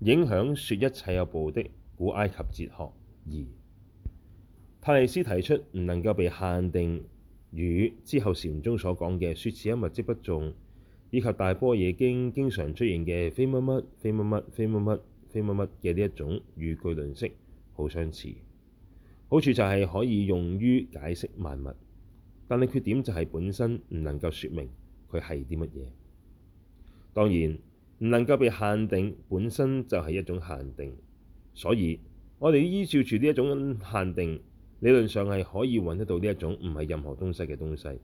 影響説一切有部的古埃及哲學，二、泰利斯提出唔能夠被限定，與之後禪宗所講嘅「說似一物即不中」，以及大般若經經常出現嘅非乜乜非乜乜非乜乜非乜乜嘅呢一種語句論式好相似。好處就係可以用於解釋萬物，但係缺點就係本身唔能夠説明佢係啲乜嘢。當然。唔能夠被限定，本身就係一種限定。所以，我哋依照住呢一種限定，理論上係可以揾得到呢一種唔係任何東西嘅東西。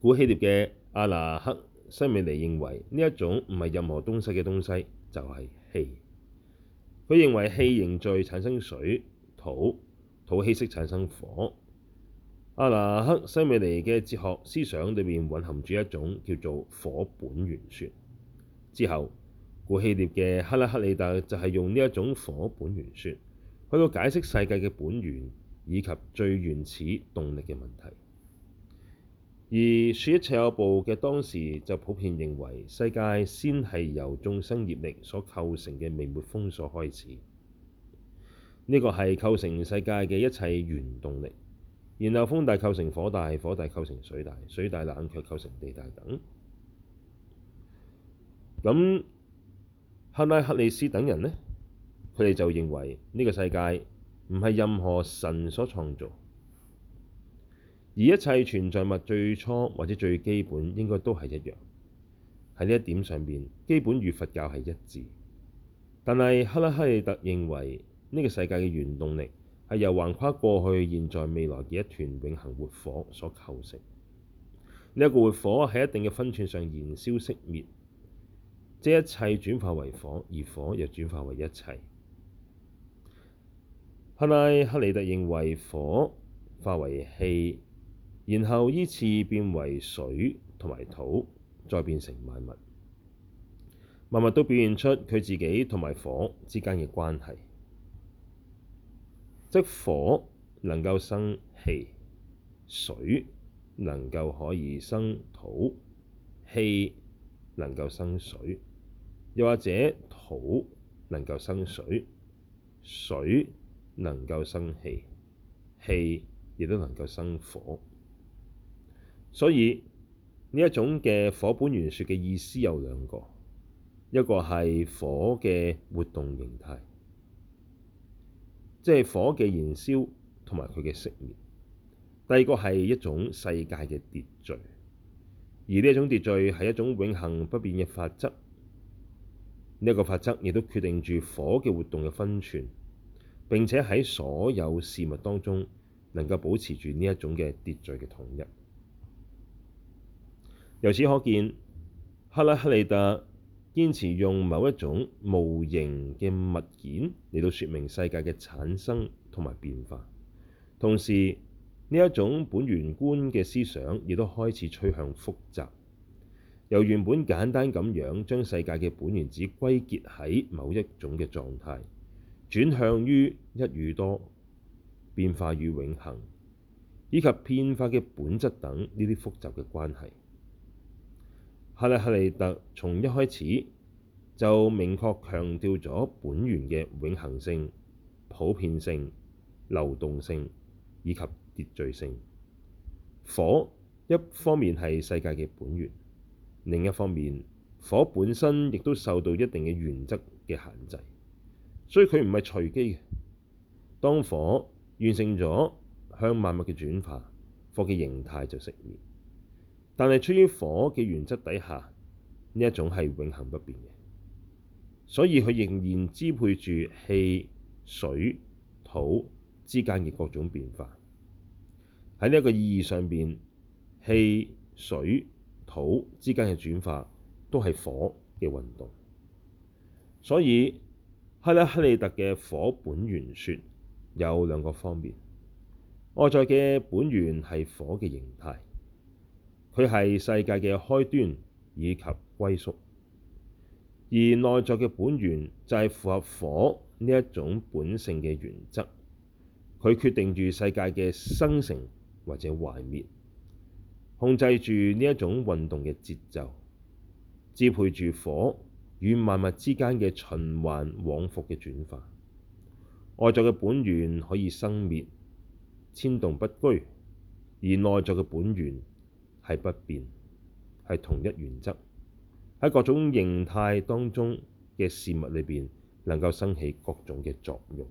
古希臘嘅阿那克西美尼認為，呢一種唔係任何東西嘅東西就係、是、氣。佢認為氣凝聚產生水、土，土稀釋產生火。阿那克西美尼嘅哲學思想裏面，蘊含住一種叫做火本原説。之後，古希臘嘅赫拉克利特就係用呢一種火本原説，去到解釋世界嘅本源以及最原始動力嘅問題。而說一切有部嘅當時就普遍認為，世界先係由眾生業力所構成嘅未細風所開始。呢個係構成世界嘅一切原動力。然後風大構成火大，火大構成水大，水大冷卻構成地大等。咁赫拉克利斯等人呢，佢哋就認為呢個世界唔係任何神所創造，而一切存在物最初或者最基本應該都係一樣。喺呢一點上面，基本與佛教係一致。但係赫拉克利特認為呢個世界嘅原動力，係由橫跨過去、現在、未來嘅一團永恆活火所構成。呢、這、一個活火喺一定嘅分寸上燃燒熄滅，即一切轉化為火，而火又轉化為一切。赫拉克利特認為火化為氣，然後依次變為水同埋土，再變成萬物。萬物都表現出佢自己同埋火之間嘅關係。即火能夠生氣，水能夠可以生土，氣能夠生水，又或者土能夠生水，水能夠生氣，氣亦都能夠生火。所以呢一種嘅火本原說嘅意思有兩個，一個係火嘅活動形態。即係火嘅燃燒同埋佢嘅熄滅。第二個係一種世界嘅秩序，而呢一種秩序係一種永恆不變嘅法則。呢、這、一個法則亦都決定住火嘅活動嘅分寸，並且喺所有事物當中能夠保持住呢一種嘅秩序嘅統一。由此可見，赫拉克利特，堅持用某一種無形嘅物件嚟到説明世界嘅產生同埋變化，同時呢一種本原觀嘅思想亦都開始趨向複雜，由原本簡單咁樣將世界嘅本原只歸結喺某一種嘅狀態，轉向於一與多、變化與永恆，以及變化嘅本質等呢啲複雜嘅關係。赫拉克利特從一開始就明確強調咗本源嘅永恆性、普遍性、流動性以及秩序性。火一方面係世界嘅本源，另一方面火本身亦都受到一定嘅原則嘅限制，所以佢唔係隨機嘅。當火完成咗向萬物嘅轉化，火嘅形態就熄滅。但係，出於火嘅原則底下，呢一種係永恆不變嘅，所以佢仍然支配住氣、水、土之間嘅各種變化。喺呢一個意義上邊，氣、水、土之間嘅轉化都係火嘅運動。所以，赫拉克利特嘅火本原說有兩個方面：外在嘅本原係火嘅形態。佢係世界嘅開端以及歸宿，而內在嘅本原就係符合火呢一種本性嘅原則。佢決定住世界嘅生成或者壞滅，控制住呢一種運動嘅節奏，支配住火與萬物之間嘅循環往復嘅轉化。外在嘅本原可以生滅，遷動不居，而內在嘅本原，係不變，係同一原則，喺各種形態當中嘅事物裏邊能夠生起各種嘅作用。